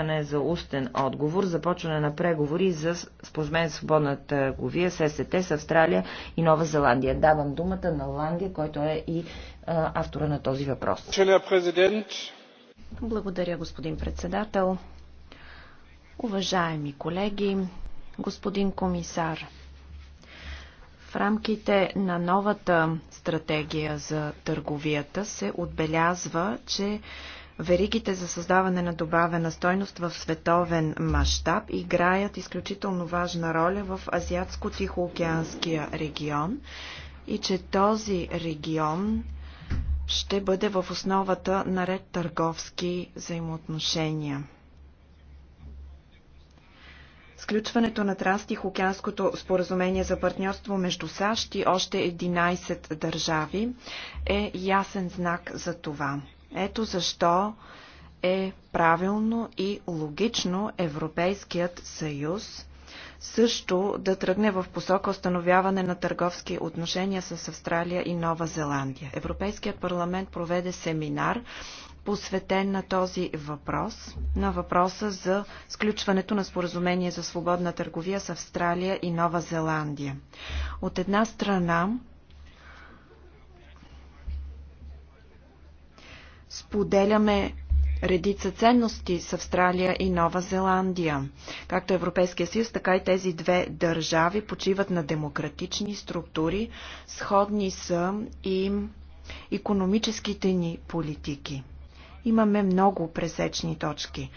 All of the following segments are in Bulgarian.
очакване за устен отговор, започване на преговори за споразумение свободна търговия с СТ с Австралия и Нова Зеландия. Давам думата на Ланге, който е и а, автора на този въпрос. Благодаря, господин председател. Уважаеми колеги, господин комисар, в рамките на новата стратегия за търговията се отбелязва, че веригите за създаване на добавена стойност в световен мащаб играят изключително важна роля в Азиатско-Тихоокеанския регион и че този регион ще бъде в основата на ред търговски взаимоотношения. Сключването на Транстихоокеанското споразумение за партньорство между САЩ и още 11 държави е ясен знак за това. Ето защо е правилно и логично Европейският съюз също да тръгне в посока установяване на търговски отношения с Австралия и Нова Зеландия. Европейският парламент проведе семинар, посветен на този въпрос, на въпроса за сключването на споразумение за свободна търговия с Австралия и Нова Зеландия. От една страна, Споделяме редица ценности с Австралия и Нова Зеландия. Както Европейския съюз, така и тези две държави почиват на демократични структури, сходни са и економическите ни политики. Имаме много пресечни точки.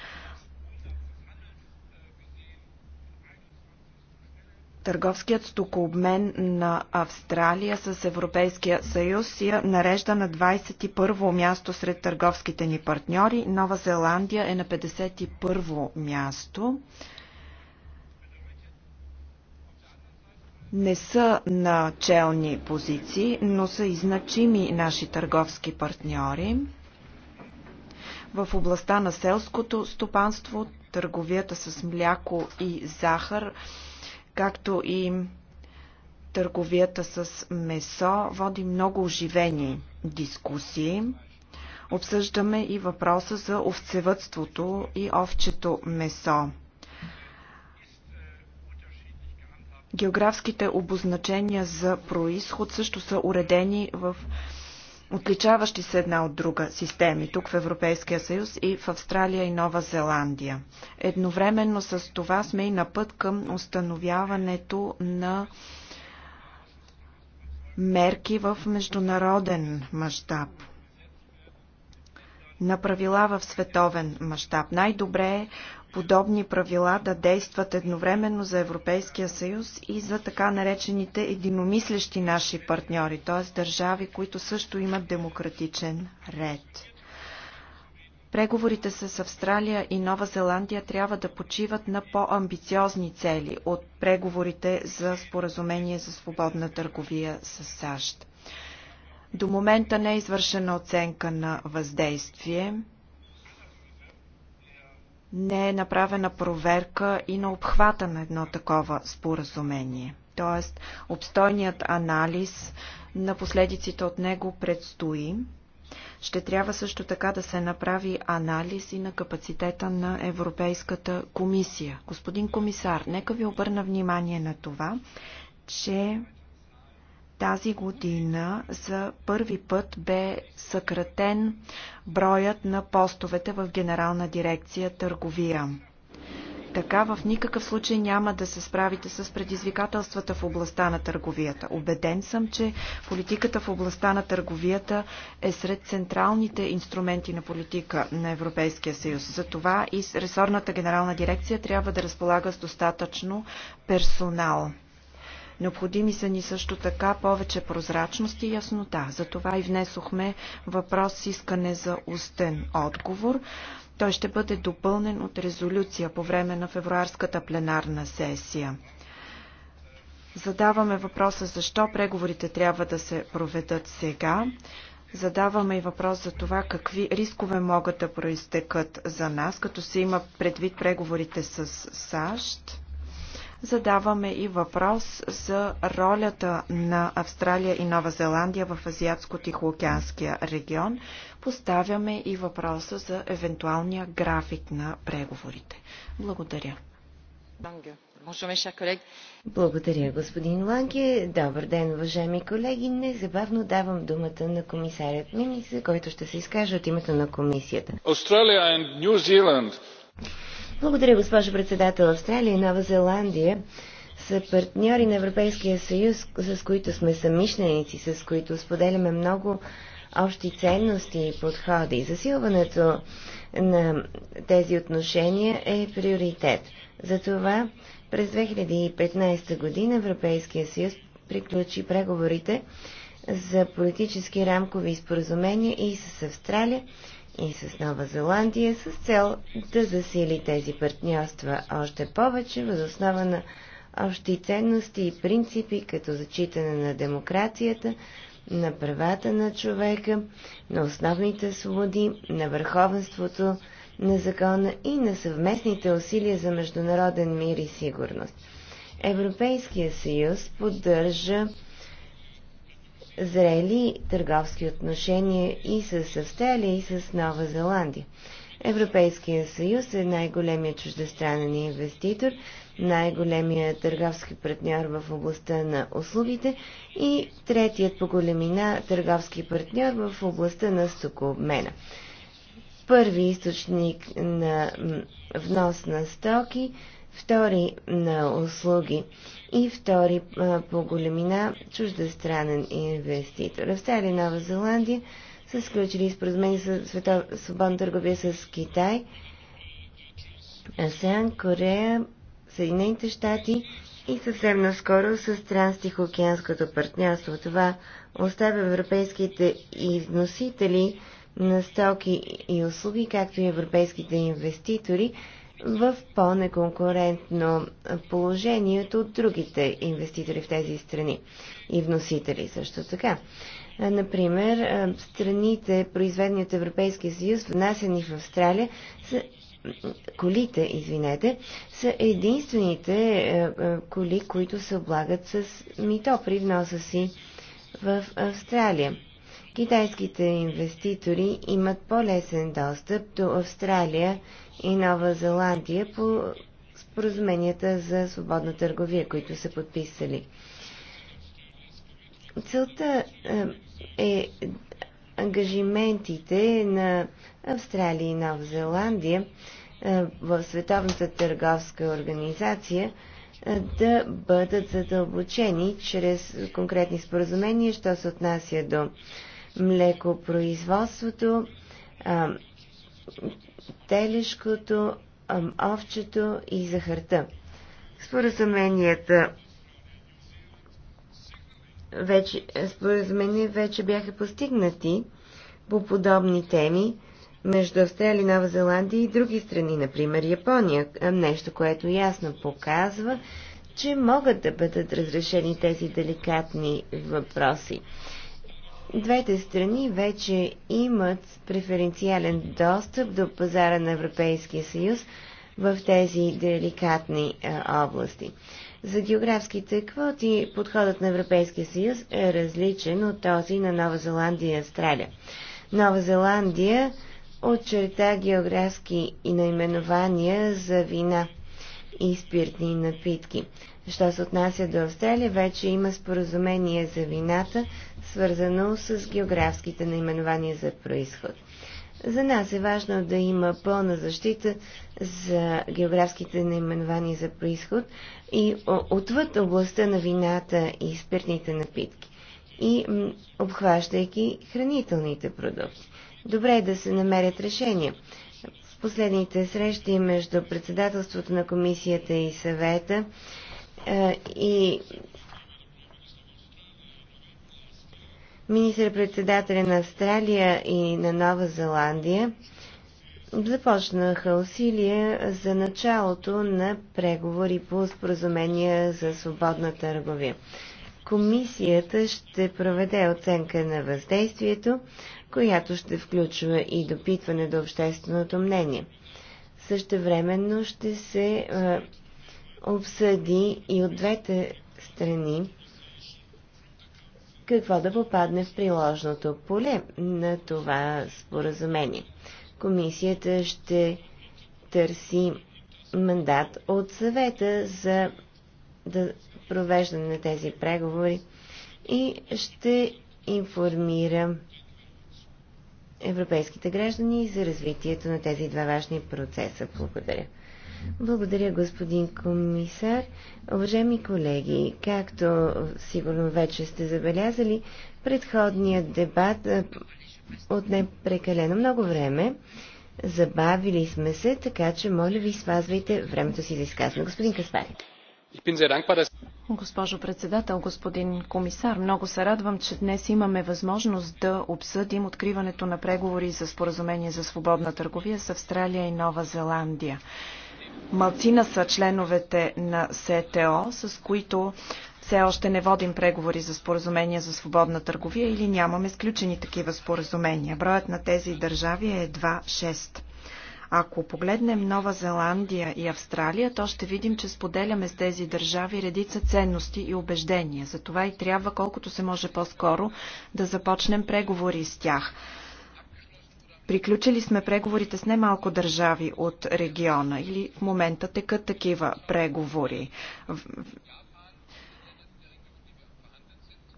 Търговският стокообмен на Австралия с Европейския съюз я нарежда на 21-во място сред търговските ни партньори. Нова Зеландия е на 51-во място. Не са на челни позиции, но са и значими наши търговски партньори. В областта на селското стопанство, търговията с мляко и захар – както и търговията с месо води много оживени дискусии. Обсъждаме и въпроса за овцевътството и овчето месо. Географските обозначения за происход също са уредени в отличаващи се една от друга системи тук в Европейския съюз и в Австралия и Нова Зеландия. Едновременно с това сме и на път към установяването на мерки в международен мащаб на правила в световен мащаб. Най-добре е подобни правила да действат едновременно за Европейския съюз и за така наречените единомислещи наши партньори, т.е. държави, които също имат демократичен ред. Преговорите с Австралия и Нова Зеландия трябва да почиват на по-амбициозни цели от преговорите за споразумение за свободна търговия с САЩ. До момента не е извършена оценка на въздействие не е направена проверка и на обхвата на едно такова споразумение. Тоест, обстойният анализ на последиците от него предстои. Ще трябва също така да се направи анализ и на капацитета на Европейската комисия. Господин комисар, нека ви обърна внимание на това, че тази година за първи път бе съкратен броят на постовете в Генерална дирекция търговия. Така в никакъв случай няма да се справите с предизвикателствата в областта на търговията. Обеден съм, че политиката в областта на търговията е сред централните инструменти на политика на Европейския съюз. Затова и ресорната генерална дирекция трябва да разполага с достатъчно персонал. Необходими са ни също така повече прозрачност и яснота. Затова и внесохме въпрос с искане за устен отговор. Той ще бъде допълнен от резолюция по време на февруарската пленарна сесия. Задаваме въпроса защо преговорите трябва да се проведат сега. Задаваме и въпрос за това какви рискове могат да проистекат за нас, като се има предвид преговорите с САЩ задаваме и въпрос за ролята на Австралия и Нова Зеландия в Азиатско-Тихоокеанския регион. Поставяме и въпроса за евентуалния график на преговорите. Благодаря. Благодаря, господин Ланге. Добър ден, уважаеми колеги. Незабавно давам думата на комисарят Мимис, който ще се изкаже от името на комисията. Австралия и Нью Зеланд благодаря, госпожо председател. Австралия и Нова Зеландия са партньори на Европейския съюз, с които сме самишленици, с които споделяме много общи ценности и подходи. Засилването на тези отношения е приоритет. Затова през 2015 година Европейския съюз приключи преговорите за политически рамкови споразумения и с Австралия, и с Нова Зеландия с цел да засили тези партньорства още повече възоснова на общи ценности и принципи, като зачитане на демокрацията, на правата на човека, на основните свободи, на върховенството на закона и на съвместните усилия за международен мир и сигурност. Европейския съюз поддържа зрели търговски отношения и с Австралия, и с Нова Зеландия. Европейския съюз е най-големият чуждестранен инвеститор, най-големият търговски партньор в областта на услугите и третият по големина търговски партньор в областта на стокообмена. Първи източник на внос на стоки втори на услуги и втори а, по големина чуждестранен инвеститор. В и Нова Зеландия са сключили споразумение за светов... свободна търговия с Китай, Асиан, Корея, Съединените щати и съвсем наскоро с Транстихоокеанското партньорство. Това оставя европейските износители на стоки и услуги, както и европейските инвеститори в по-неконкурентно положение от другите инвеститори в тези страни и вносители също така. Например, страните, произведени от Европейския съюз, внасяни в Австралия, са, колите, извинете, са единствените коли, които се облагат с мито при вноса си в Австралия китайските инвеститори имат по-лесен достъп до Австралия и Нова Зеландия по споразуменията за свободна търговия, които са подписали. Целта е, е ангажиментите на Австралия и Нова Зеландия е, в Световната търговска организация е, да бъдат задълбочени чрез конкретни споразумения, що се отнася до млекопроизводството, телешкото, овчето и захарта. Споразуменията вече, споразумения вече бяха постигнати по подобни теми между Австралия, Нова Зеландия и други страни, например Япония. Нещо, което ясно показва, че могат да бъдат разрешени тези деликатни въпроси. Двете страни вече имат преференциален достъп до пазара на Европейския съюз в тези деликатни области. За географските квоти подходът на Европейския съюз е различен от този на Нова Зеландия и Австралия. Нова Зеландия очерта географски и наименования за вина – и спиртни напитки. Що се отнася до Австралия, вече има споразумение за вината, свързано с географските наименования за происход. За нас е важно да има пълна защита за географските наименования за происход и отвъд областта на вината и спиртните напитки и обхващайки хранителните продукти. Добре е да се намерят решения последните срещи между председателството на комисията и съвета и министър-председателя на Австралия и на Нова Зеландия започнаха усилия за началото на преговори по споразумения за свободна търговия. Комисията ще проведе оценка на въздействието, която ще включва и допитване до общественото мнение. Същевременно ще се е, обсъди и от двете страни какво да попадне в приложното поле на това споразумение. Комисията ще търси мандат от съвета за да провеждане на тези преговори и ще информира европейските граждани и за развитието на тези два важни процеса. Благодаря. Благодаря, господин комисар. Уважаеми колеги, както сигурно вече сте забелязали, предходният дебат отне прекалено много време. Забавили сме се, така че моля ви, спазвайте времето си за изказване. Господин Каспари. Госпожо председател, господин комисар, много се радвам, че днес имаме възможност да обсъдим откриването на преговори за споразумение за свободна търговия с Австралия и Нова Зеландия. Малцина са членовете на СТО, с които все още не водим преговори за споразумения за свободна търговия или нямаме сключени такива споразумения. Броят на тези държави е едва 6. Ако погледнем Нова Зеландия и Австралия, то ще видим, че споделяме с тези държави редица ценности и убеждения. Затова и трябва колкото се може по-скоро да започнем преговори с тях. Приключили сме преговорите с немалко държави от региона или в момента текат такива преговори.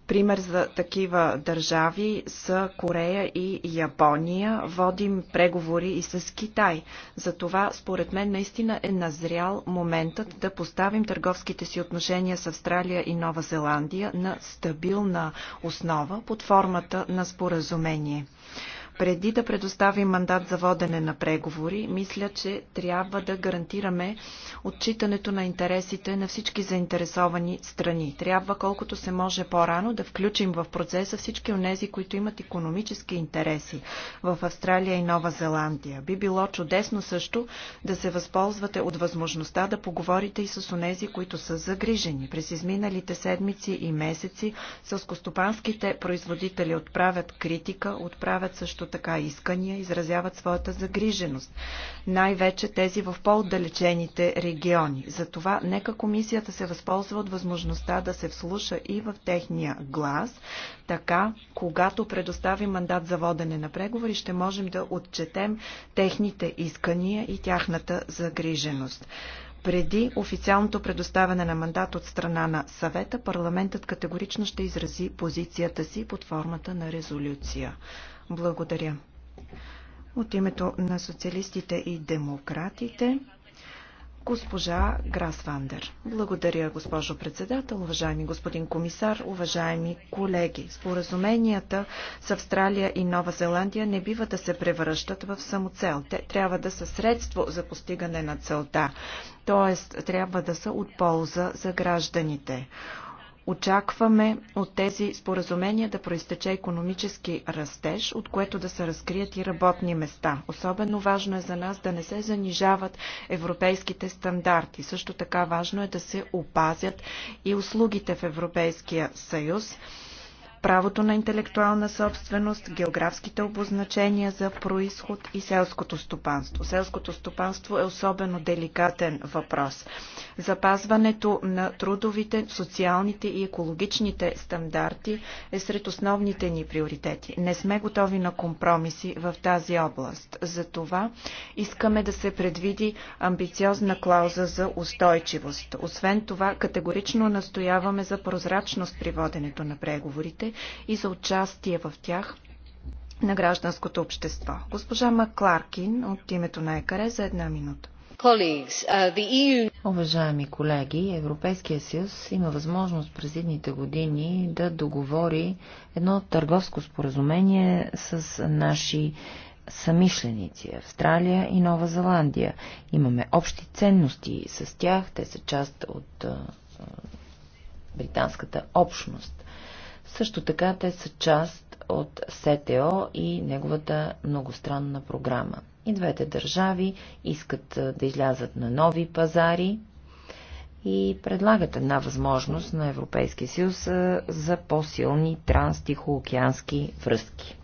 Пример за такива държави са Корея и Япония. Водим преговори и с Китай. Затова, според мен, наистина е назрял моментът да поставим търговските си отношения с Австралия и Нова Зеландия на стабилна основа под формата на споразумение. Преди да предоставим мандат за водене на преговори, мисля, че трябва да гарантираме отчитането на интересите на всички заинтересовани страни. Трябва колкото се може по-рано да включим в процеса всички онези, които имат економически интереси в Австралия и Нова Зеландия. Би било чудесно също да се възползвате от възможността да поговорите и с онези, които са загрижени. През изминалите седмици и месеци селскостопанските производители отправят критика, отправят също също така искания изразяват своята загриженост. Най-вече тези в по-отдалечените региони. Затова нека комисията се възползва от възможността да се вслуша и в техния глас. Така, когато предостави мандат за водене на преговори, ще можем да отчетем техните искания и тяхната загриженост. Преди официалното предоставяне на мандат от страна на съвета, парламентът категорично ще изрази позицията си под формата на резолюция. Благодаря. От името на социалистите и демократите Госпожа Грас Вандер. Благодаря, госпожо председател, уважаеми господин комисар, уважаеми колеги. Споразуменията с Австралия и Нова Зеландия не бива да се превръщат в самоцел. Те трябва да са средство за постигане на целта, т.е. трябва да са от полза за гражданите. Очакваме от тези споразумения да проистече економически растеж, от което да се разкрият и работни места. Особено важно е за нас да не се занижават европейските стандарти. Също така важно е да се опазят и услугите в Европейския съюз правото на интелектуална собственост, географските обозначения за происход и селското стопанство. Селското стопанство е особено деликатен въпрос. Запазването на трудовите, социалните и екологичните стандарти е сред основните ни приоритети. Не сме готови на компромиси в тази област. Затова искаме да се предвиди амбициозна клауза за устойчивост. Освен това, категорично настояваме за прозрачност при воденето на преговорите и за участие в тях на гражданското общество. Госпожа Макларкин от името на ЕКАРЕ за една минута. Uh, e Уважаеми колеги, Европейския съюз има възможност през едните години да договори едно търговско споразумение с наши самишленици Австралия и Нова Зеландия. Имаме общи ценности с тях, те са част от британската общност. Също така те са част от СТО и неговата многостранна програма. И двете държави искат да излязат на нови пазари и предлагат една възможност на Европейския съюз за по-силни транстихоокеански връзки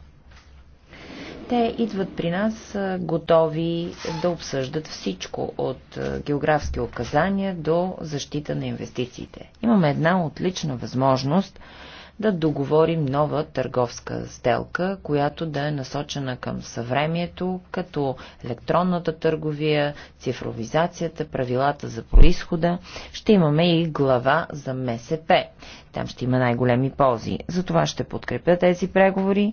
те идват при нас готови да обсъждат всичко от географски указания до защита на инвестициите. Имаме една отлична възможност да договорим нова търговска сделка, която да е насочена към съвремието, като електронната търговия, цифровизацията, правилата за происхода. Ще имаме и глава за МСП. Там ще има най-големи ползи. Затова ще подкрепя тези преговори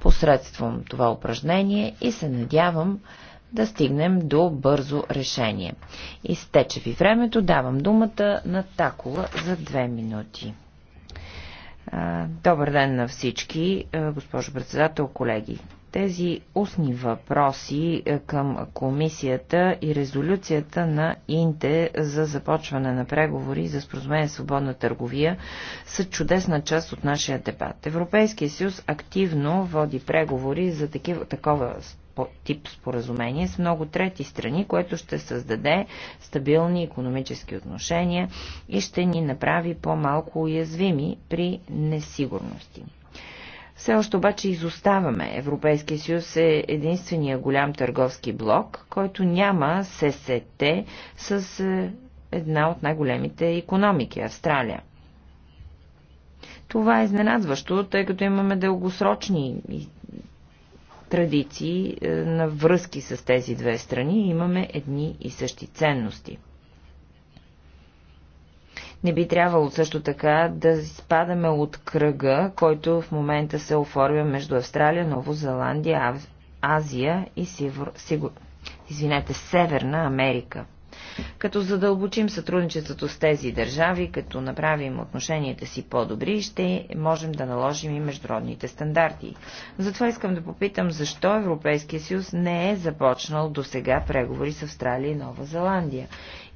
посредством това упражнение и се надявам да стигнем до бързо решение. Изтече ви времето, давам думата на Такова за две минути. Добър ден на всички, госпожо председател, колеги. Тези устни въпроси към комисията и резолюцията на Инте за започване на преговори за споразумение свободна търговия са чудесна част от нашия дебат. Европейския съюз активно води преговори за такива, такова тип споразумение с много трети страни, което ще създаде стабилни економически отношения и ще ни направи по-малко уязвими при несигурности. Все още обаче изоставаме. Европейския съюз е единствения голям търговски блок, който няма ССТ с е, една от най-големите економики – Австралия. Това е изненадващо, тъй като имаме дългосрочни и традиции е, на връзки с тези две страни. Имаме едни и същи ценности. Не би трябвало също така да изпадаме от кръга, който в момента се оформя между Австралия, Ново Зеландия, Азия и Сивор... Сигур... Извинете, Северна Америка. Като задълбочим сътрудничеството с тези държави, като направим отношенията си по-добри, ще можем да наложим и международните стандарти. Затова искам да попитам, защо Европейския съюз не е започнал до сега преговори с Австралия и Нова Зеландия.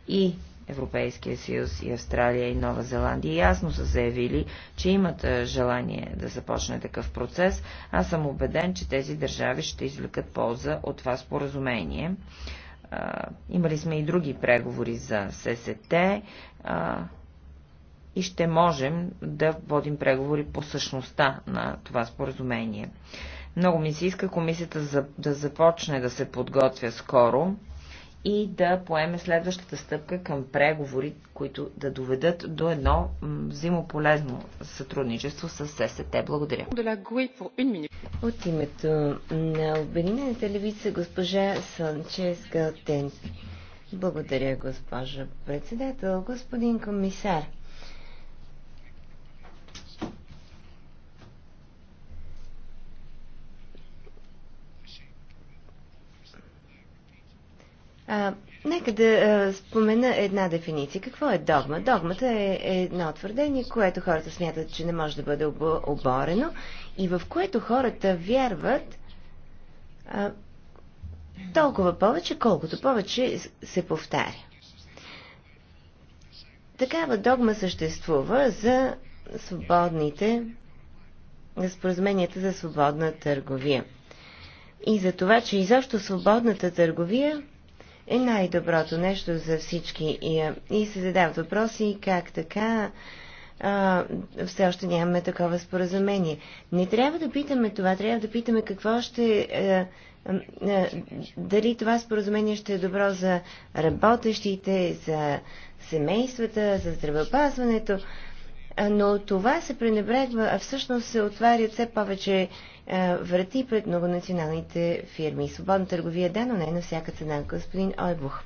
И Европейския съюз и Австралия и Нова Зеландия ясно са заявили, че имат желание да започне такъв процес. Аз съм убеден, че тези държави ще извлекат полза от това споразумение имали сме и други преговори за ССТ а, и ще можем да водим преговори по същността на това споразумение. Много ми се иска комисията за, да започне да се подготвя скоро и да поеме следващата стъпка към преговори, които да доведат до едно взаимополезно сътрудничество с ССТ. Благодаря. От името на Обединената левица госпожа Санческа Галтен. Благодаря, госпожа председател, господин комисар. А, нека да а, спомена една дефиниция. Какво е догма? Догмата е, едно твърдение, което хората смятат, че не може да бъде оборено и в което хората вярват а, толкова повече, колкото повече се повтаря. Такава догма съществува за свободните за споразуменията за свободна търговия. И за това, че изобщо свободната търговия е най-доброто нещо за всички. И, и се задават въпроси как така а, все още нямаме такова споразумение. Не трябва да питаме това, трябва да питаме какво ще. А, а, дали това споразумение ще е добро за работещите, за семействата, за здравеопазването но това се пренебрегва, а всъщност се отварят все повече е, врати пред многонационалните фирми. Свободна търговия да, но не на всяка цена. Господин Ойбух.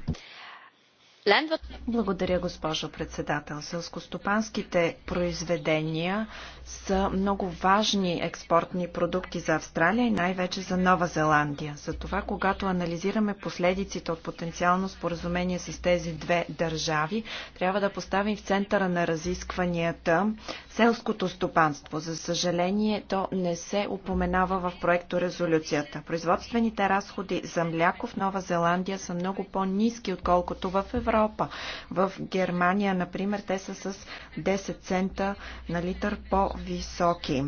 Благодаря, госпожо председател. Селскостопанските произведения са много важни експортни продукти за Австралия и най-вече за Нова Зеландия. Затова, когато анализираме последиците от потенциално споразумение с тези две държави, трябва да поставим в центъра на разискванията селското стопанство. За съжаление, то не се упоменава в проекто резолюцията. Производствените разходи за мляко в Нова Зеландия са много по-низки, отколкото в Европа Европа. В Германия, например, те са с 10 цента на литър по-високи.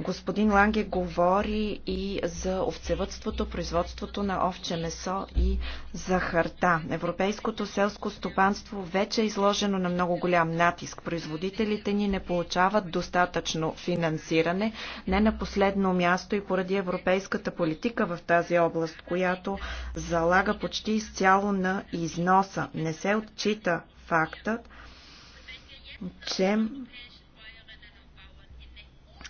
Господин Ланге говори и за овцевътството, производството на овче месо и захарта. Европейското селско стопанство вече е изложено на много голям натиск. Производителите ни не получават достатъчно финансиране, не на последно място и поради европейската политика в тази област, която залага почти изцяло на износа. Не се отчита фактът, че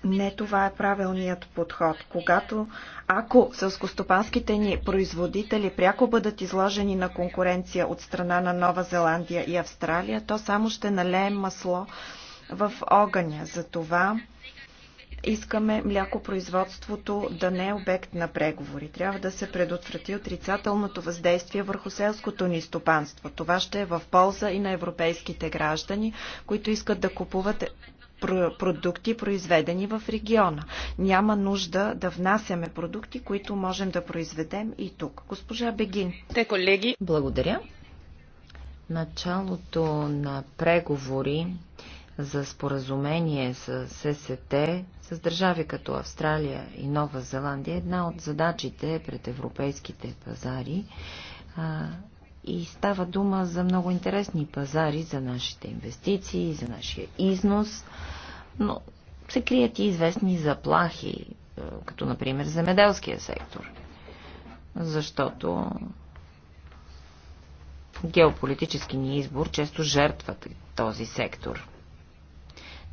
не това е правилният подход. Когато, ако сълскостопанските ни производители пряко бъдат изложени на конкуренция от страна на Нова Зеландия и Австралия, то само ще налеем масло в огъня. Затова искаме млякопроизводството да не е обект на преговори. Трябва да се предотврати отрицателното въздействие върху селското ни стопанство. Това ще е в полза и на европейските граждани, които искат да купуват продукти, произведени в региона. Няма нужда да внасяме продукти, които можем да произведем и тук. Госпожа Бегин. Те, колеги. Благодаря. Началото на преговори за споразумение с ССТ с държави като Австралия и Нова Зеландия, една от задачите пред европейските пазари и става дума за много интересни пазари, за нашите инвестиции, за нашия износ, но се крият и известни заплахи, е, като например земеделския сектор. Защото геополитически ни избор често жертват този сектор.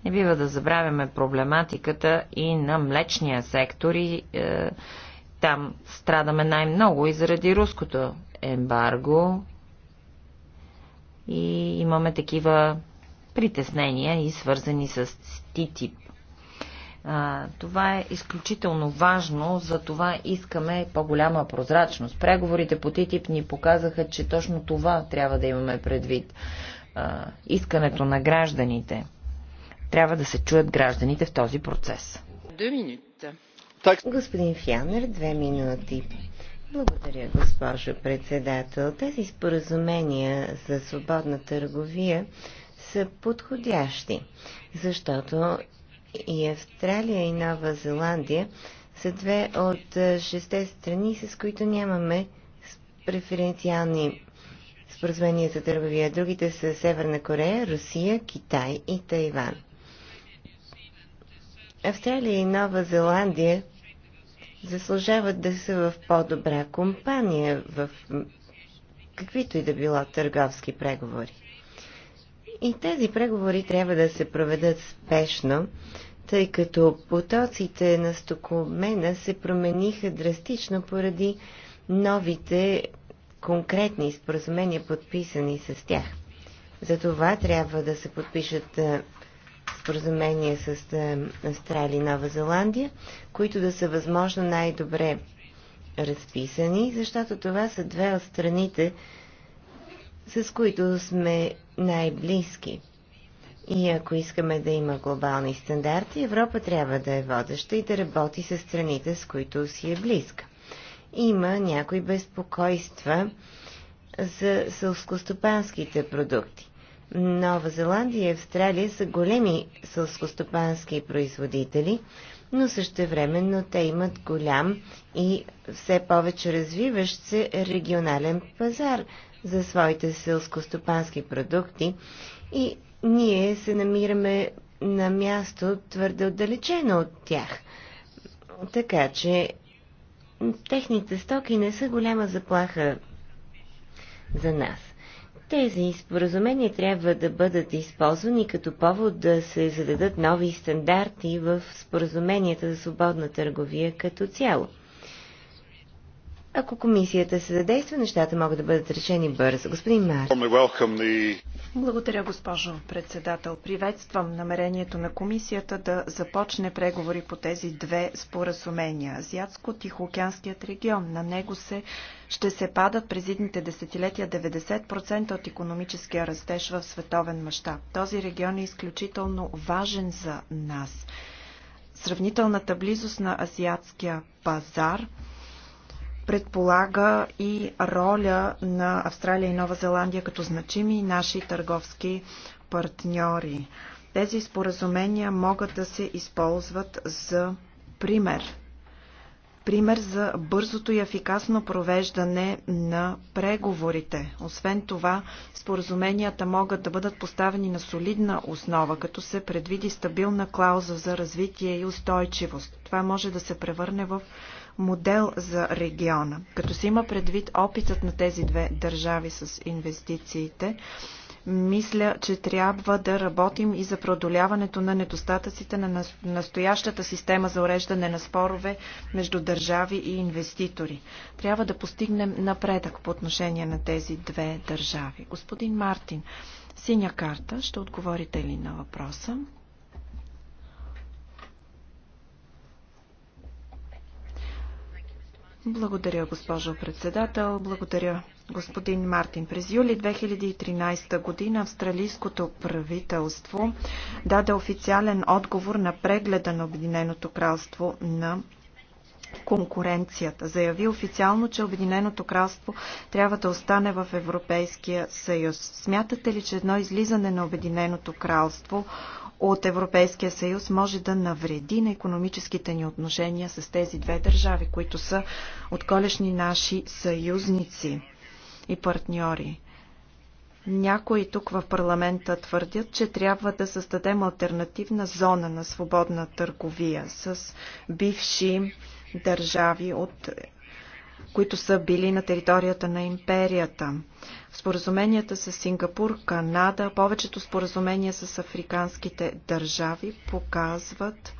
Не бива да забравяме проблематиката и на млечния сектор и е, там страдаме най-много и заради руското ембарго. И имаме такива притеснения и свързани с ТТИП. Това е изключително важно, за това искаме по-голяма прозрачност. Преговорите по ТТИП ни показаха, че точно това трябва да имаме предвид. Искането на гражданите. Трябва да се чуят гражданите в този процес. Две минути. Господин Фянер, две минути. Благодаря, госпожо председател. Тези споразумения за свободна търговия са подходящи, защото и Австралия и Нова Зеландия са две от шесте страни, с които нямаме преференциални споразумения за търговия. Другите са Северна Корея, Русия, Китай и Тайван. Австралия и Нова Зеландия заслужават да са в по-добра компания в каквито и да било търговски преговори. И тези преговори трябва да се проведат спешно, тъй като потоците на стокомена се промениха драстично поради новите конкретни споразумения, подписани с тях. За това трябва да се подпишат споразумение с е, Австралия и Нова Зеландия, които да са възможно най-добре разписани, защото това са две от страните, с които сме най-близки. И ако искаме да има глобални стандарти, Европа трябва да е водеща и да работи с страните, с които си е близка. Има някои безпокойства за сълскостопанските продукти. Нова Зеландия и Австралия са големи сълскостопански производители, но същевременно те имат голям и все повече развиващ се регионален пазар за своите селскостопански продукти и ние се намираме на място твърде отдалечено от тях. Така че техните стоки не са голяма заплаха за нас. Тези споразумения трябва да бъдат използвани като повод да се зададат нови стандарти в споразуменията за свободна търговия като цяло. Ако комисията се задейства, нещата могат да бъдат решени бързо. Господин Мар. Благодаря, госпожо председател. Приветствам намерението на комисията да започне преговори по тези две споразумения. Азиатско-Тихоокеанският регион. На него се ще се падат през идните десетилетия 90% от економическия растеж в световен мащаб. Този регион е изключително важен за нас. Сравнителната близост на азиатския пазар – предполага и роля на Австралия и Нова Зеландия като значими наши търговски партньори. Тези споразумения могат да се използват за пример. Пример за бързото и ефикасно провеждане на преговорите. Освен това, споразуменията могат да бъдат поставени на солидна основа, като се предвиди стабилна клауза за развитие и устойчивост. Това може да се превърне в модел за региона. Като се има предвид опитът на тези две държави с инвестициите, мисля, че трябва да работим и за продоляването на недостатъците на настоящата система за уреждане на спорове между държави и инвеститори. Трябва да постигнем напредък по отношение на тези две държави. Господин Мартин, синя карта, ще отговорите ли на въпроса? Благодаря, госпожо председател. Благодаря, господин Мартин. През юли 2013 година австралийското правителство даде официален отговор на прегледа на Обединеното кралство на конкуренцията. Заяви официално, че Обединеното кралство трябва да остане в Европейския съюз. Смятате ли, че едно излизане на Обединеното кралство от Европейския съюз може да навреди на економическите ни отношения с тези две държави, които са отколешни наши съюзници и партньори. Някои тук в парламента твърдят, че трябва да създадем альтернативна зона на свободна търговия с бивши държави от които са били на територията на империята. Споразуменията с Сингапур, Канада, повечето споразумения с африканските държави показват,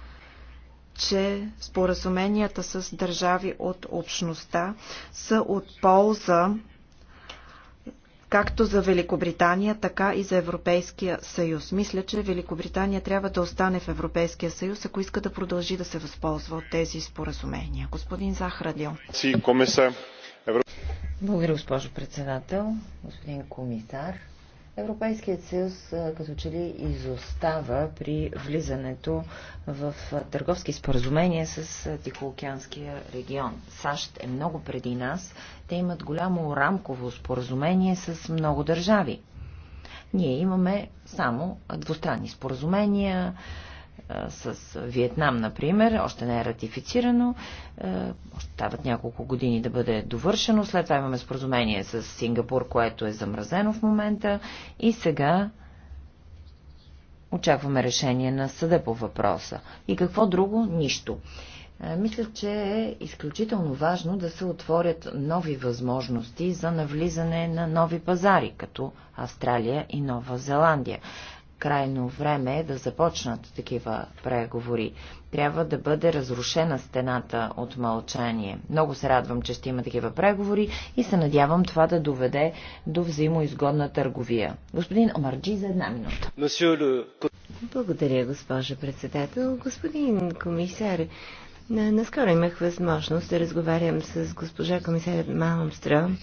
че споразуменията с държави от общността са от полза както за Великобритания, така и за Европейския съюз. Мисля, че Великобритания трябва да остане в Европейския съюз, ако иска да продължи да се възползва от тези споразумения. Господин Захрадил. Благодаря, госпожо председател, господин комисар. Европейският съюз като че ли изостава при влизането в търговски споразумения с Тихоокеанския регион. САЩ е много преди нас. Те имат голямо рамково споразумение с много държави. Ние имаме само двустранни споразумения, с Виетнам, например, още не е ратифицирано, още стават няколко години да бъде довършено. След това имаме споразумение с Сингапур, което е замразено в момента. И сега очакваме решение на съда по въпроса. И какво друго? Нищо. Мисля, че е изключително важно да се отворят нови възможности за навлизане на нови пазари, като Австралия и Нова Зеландия крайно време е да започнат такива преговори. Трябва да бъде разрушена стената от мълчание. Много се радвам, че ще има такива преговори и се надявам това да доведе до взаимоизгодна търговия. Господин Омарджи, за една минута. Благодаря, госпожа председател. Господин комисар, наскоро имах възможност да разговарям с госпожа комисар Малмстром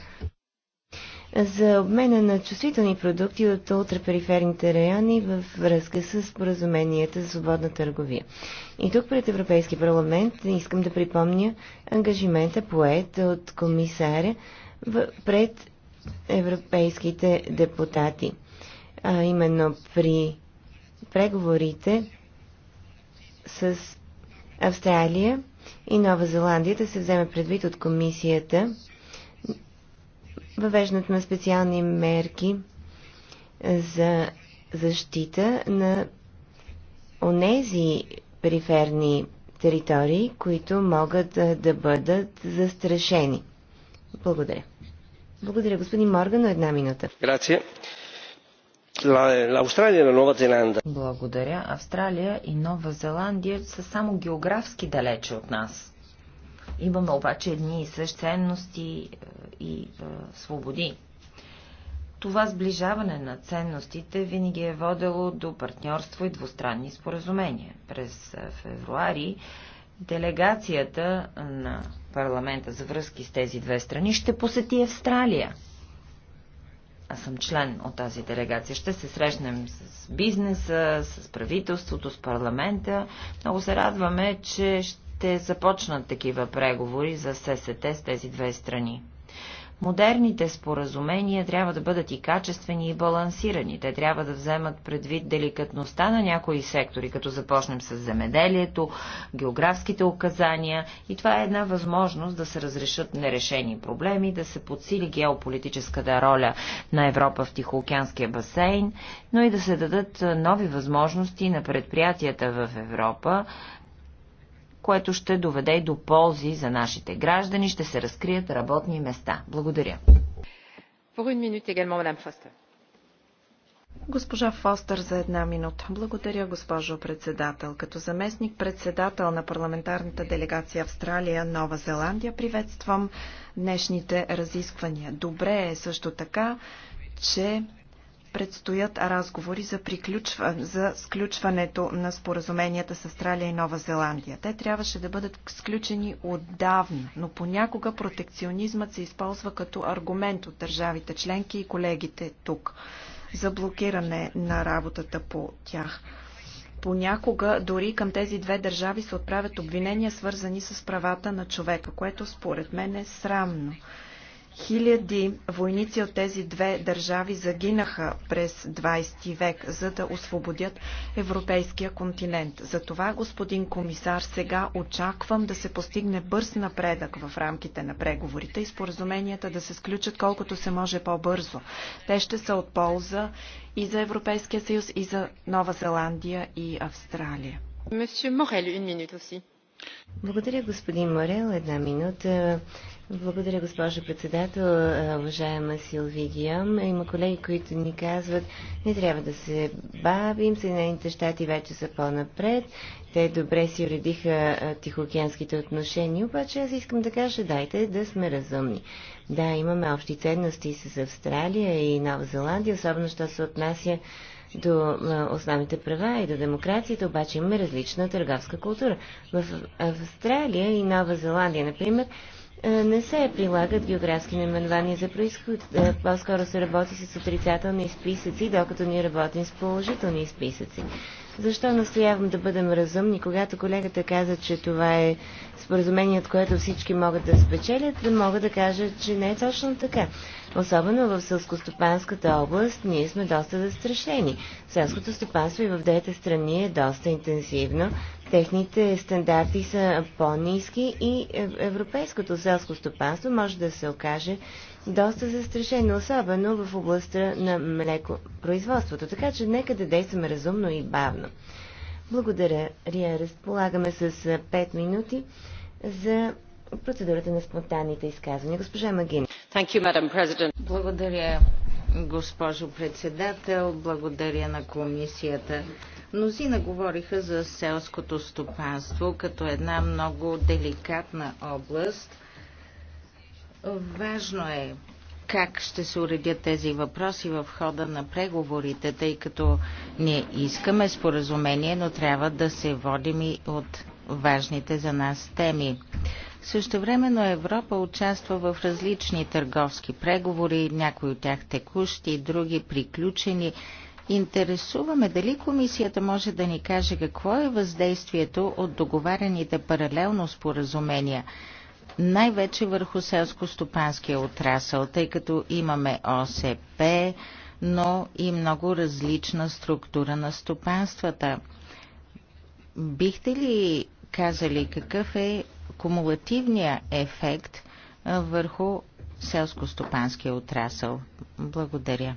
за обмена на чувствителни продукти от ултрапериферните райони във връзка с поразуменията за свободна търговия. И тук пред Европейски парламент искам да припомня ангажимента поет от комисаря пред европейските депутати. А именно при преговорите с Австралия и Нова Зеландия да се вземе предвид от комисията въвеждането на специални мерки за защита на онези периферни територии, които могат да бъдат застрашени. Благодаря. Благодаря, господин Морган, една минута. Грация. Австралия Нова Зеландия. Благодаря. Австралия и Нова Зеландия са само географски далече от нас. Имаме обаче едни и същи ценности е, и е, свободи. Това сближаване на ценностите винаги е водело до партньорство и двустранни споразумения. През е, февруари делегацията на парламента за връзки с тези две страни ще посети Австралия. Аз съм член от тази делегация. Ще се срещнем с бизнеса, с правителството, с парламента. Много се радваме, че ще ще започнат такива преговори за ССТ с тези две страни. Модерните споразумения трябва да бъдат и качествени и балансирани. Те трябва да вземат предвид деликатността на някои сектори, като започнем с земеделието, географските указания и това е една възможност да се разрешат нерешени проблеми, да се подсили геополитическата роля на Европа в Тихоокеанския басейн, но и да се дадат нови възможности на предприятията в Европа което ще доведе до ползи за нашите граждани, ще се разкрият работни места. Благодаря. Госпожа Фостер, за една минута. Благодаря, госпожо председател. Като заместник председател на парламентарната делегация Австралия, Нова Зеландия, приветствам днешните разисквания. Добре е също така, че предстоят разговори за, приключва, за сключването на споразуменията с Австралия и Нова Зеландия. Те трябваше да бъдат сключени отдавна, но понякога протекционизмът се използва като аргумент от държавите членки и колегите тук за блокиране на работата по тях. Понякога дори към тези две държави се отправят обвинения, свързани с правата на човека, което според мен е срамно. Хиляди войници от тези две държави загинаха през 20 век, за да освободят европейския континент. Затова, господин комисар, сега очаквам да се постигне бърз напредък в рамките на преговорите и споразуменията да се сключат колкото се може по-бързо. Те ще са от полза и за Европейския съюз, и за Нова Зеландия и Австралия. Морел, une minute благодаря, господин Морел. Една минута. Благодаря, госпожо председател, уважаема Силви Гиом. Има колеги, които ни казват, не трябва да се бавим, Съединените щати вече са по-напред, те добре си уредиха тихоокеанските отношения, обаче аз искам да кажа, дайте да сме разумни. Да, имаме общи ценности с Австралия и Нова Зеландия, особено що се отнася до основните права и до демокрацията, обаче имаме различна търговска култура. В Австралия и Нова Зеландия, например, не се прилагат географски наименования за происход. По-скоро се работи с отрицателни списъци, докато ние работим с положителни списъци. Защо настоявам да бъдем разумни, когато колегата каза, че това е споразумение, от което всички могат да спечелят, да мога да кажа, че не е точно така. Особено в сълскостопанската област ние сме доста застрашени. Селското стопанство и в двете страни е доста интенсивно. Техните стандарти са по-низки и европейското селско стопанство може да се окаже доста застрашено, особено в областта на млекопроизводството. Така че нека да действаме разумно и бавно. Благодаря, Рия. Разполагаме с 5 минути за процедурата на спонтанните изказвания. Госпожа Магин. You, Благодаря, госпожо председател. Благодаря на комисията. Мнозина говориха за селското стопанство като една много деликатна област. Важно е как ще се уредят тези въпроси в хода на преговорите, тъй като не искаме споразумение, но трябва да се водим и от важните за нас теми. Също Европа участва в различни търговски преговори, някои от тях текущи, други приключени. Интересуваме дали комисията може да ни каже какво е въздействието от договарените паралелно споразумения, най-вече върху селско-стопанския отрасъл, тъй като имаме ОСП, но и много различна структура на стопанствата. Бихте ли казали какъв е кумулативния ефект върху селско-стопанския отрасъл. Благодаря.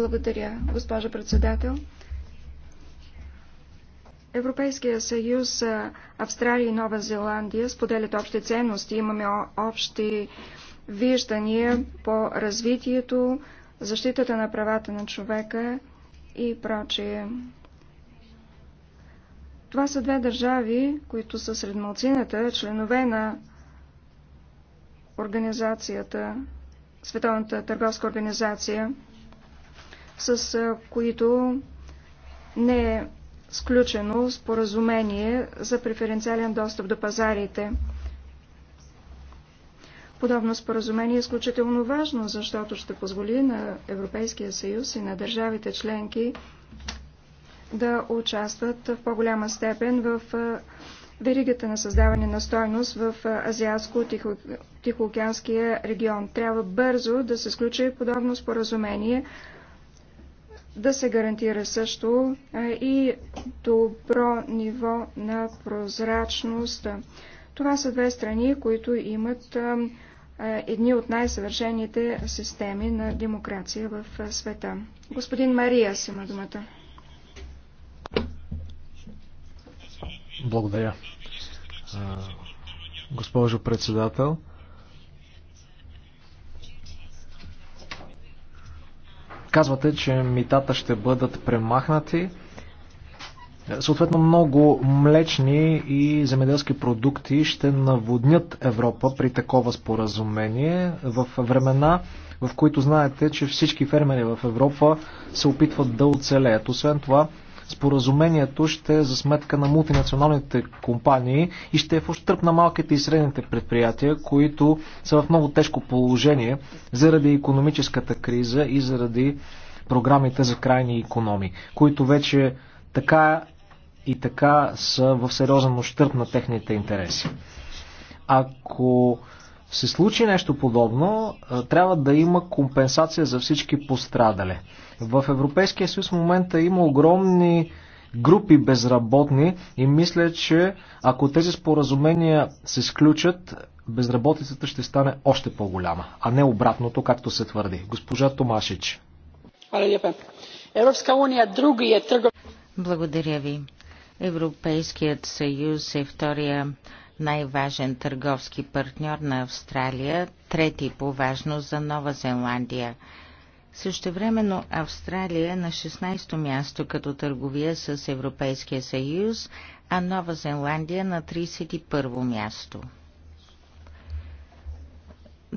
Благодаря, госпожа председател. Европейския съюз, Австралия и Нова Зеландия споделят общи ценности. Имаме общи виждания по развитието, защитата на правата на човека и прочие. Това са две държави, които са сред малцината, членове на организацията, Световната търговска организация, с които не е сключено споразумение за преференциален достъп до пазарите. Подобно споразумение е изключително важно, защото ще позволи на Европейския съюз и на държавите членки да участват в по-голяма степен в веригата на създаване на стойност в Азиатско-Тихоокеанския регион. Трябва бързо да се сключи подобно споразумение, да се гарантира също и добро ниво на прозрачност. Това са две страни, които имат едни от най-съвършените системи на демокрация в света. Господин Мария си има думата. Благодаря. Госпожо председател, казвате, че митата ще бъдат премахнати. Съответно много млечни и земеделски продукти ще наводнят Европа при такова споразумение в времена, в които знаете, че всички фермери в Европа се опитват да оцелеят. Освен това, споразумението ще е за сметка на мултинационалните компании и ще е в ощърп на малките и средните предприятия, които са в много тежко положение заради економическата криза и заради програмите за крайни економии, които вече така и така са в сериозен ощърп на техните интереси. Ако се случи нещо подобно, трябва да има компенсация за всички пострадали. В Европейския съюз в момента има огромни групи безработни и мисля, че ако тези споразумения се сключат, безработицата ще стане още по-голяма, а не обратното, както се твърди. Госпожа Томашич. Благодаря ви. Европейският съюз е втория най-важен търговски партньор на Австралия, трети по важност за Нова Зеландия. Същевременно Австралия е на 16-то място като търговия с Европейския съюз, а Нова Зеландия на 31-во място.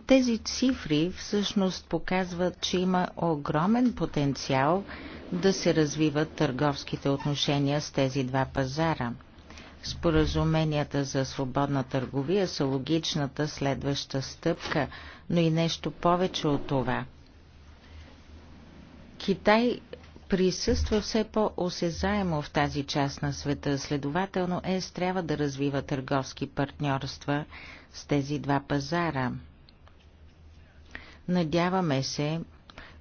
Тези цифри всъщност показват, че има огромен потенциал да се развиват търговските отношения с тези два пазара – Споразуменията за свободна търговия са логичната следваща стъпка, но и нещо повече от това. Китай присъства все по-осезаемо в тази част на света, следователно ЕС трябва да развива търговски партньорства с тези два пазара. Надяваме се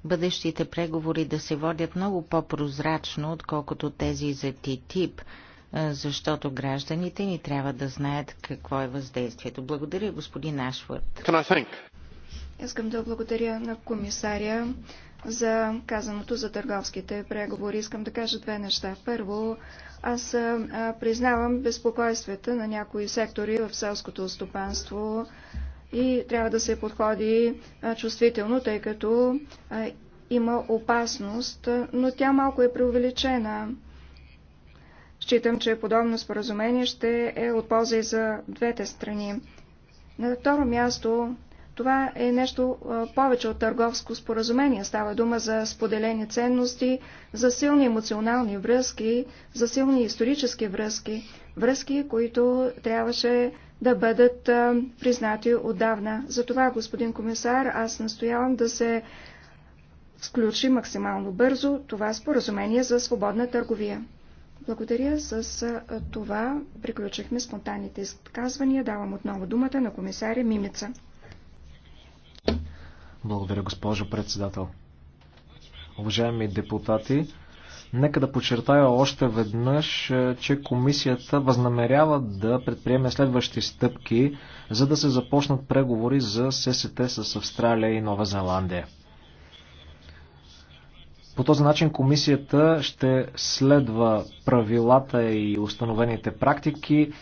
бъдещите преговори да се водят много по-прозрачно, отколкото тези за ТИТИП – защото гражданите ни трябва да знаят какво е въздействието. Благодаря, господин Ашвард. Искам да благодаря на комисаря за казаното за търговските преговори. Искам да кажа две неща. Първо, аз признавам безпокойствата на някои сектори в селското стопанство и трябва да се подходи чувствително, тъй като има опасност, но тя малко е преувеличена. Считам, че подобно споразумение ще е от полза и за двете страни. На второ място, това е нещо повече от търговско споразумение. Става дума за споделени ценности, за силни емоционални връзки, за силни исторически връзки, връзки, които трябваше да бъдат признати отдавна. Затова, господин комисар, аз настоявам да се включи максимално бързо това споразумение за свободна търговия. Благодаря. С това приключихме спонтанните изказвания. Давам отново думата на комисаря Мимица. Благодаря, госпожо председател. Уважаеми депутати, нека да подчертая още веднъж, че комисията възнамерява да предприеме следващи стъпки, за да се започнат преговори за ССТ с Австралия и Нова Зеландия. По този начин комисията ще следва правилата и установените практики,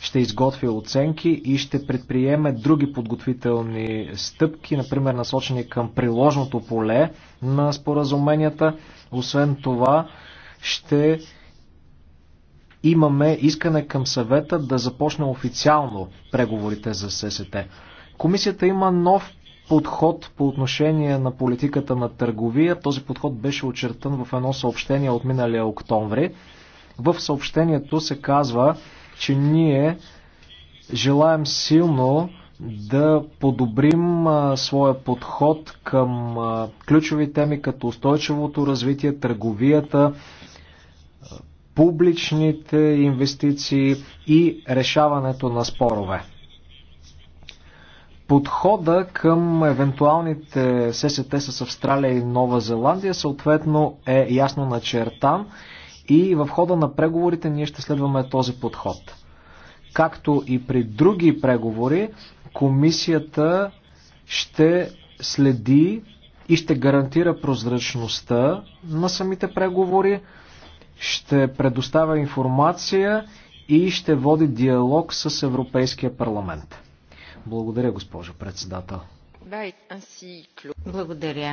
ще изготви оценки и ще предприеме други подготвителни стъпки, например насочени към приложното поле на споразуменията. Освен това, ще имаме искане към съвета да започне официално преговорите за ССТ. Комисията има нов подход по отношение на политиката на търговия. Този подход беше очертан в едно съобщение от миналия октомври. В съобщението се казва, че ние желаем силно да подобрим а, своя подход към а, ключови теми като устойчивото развитие, търговията, публичните инвестиции и решаването на спорове подхода към евентуалните ССТ с Австралия и Нова Зеландия съответно е ясно начертан и в хода на преговорите ние ще следваме този подход. Както и при други преговори, комисията ще следи и ще гарантира прозрачността на самите преговори, ще предоставя информация и ще води диалог с Европейския парламент. Благодаря, госпожо председател. Благодаря.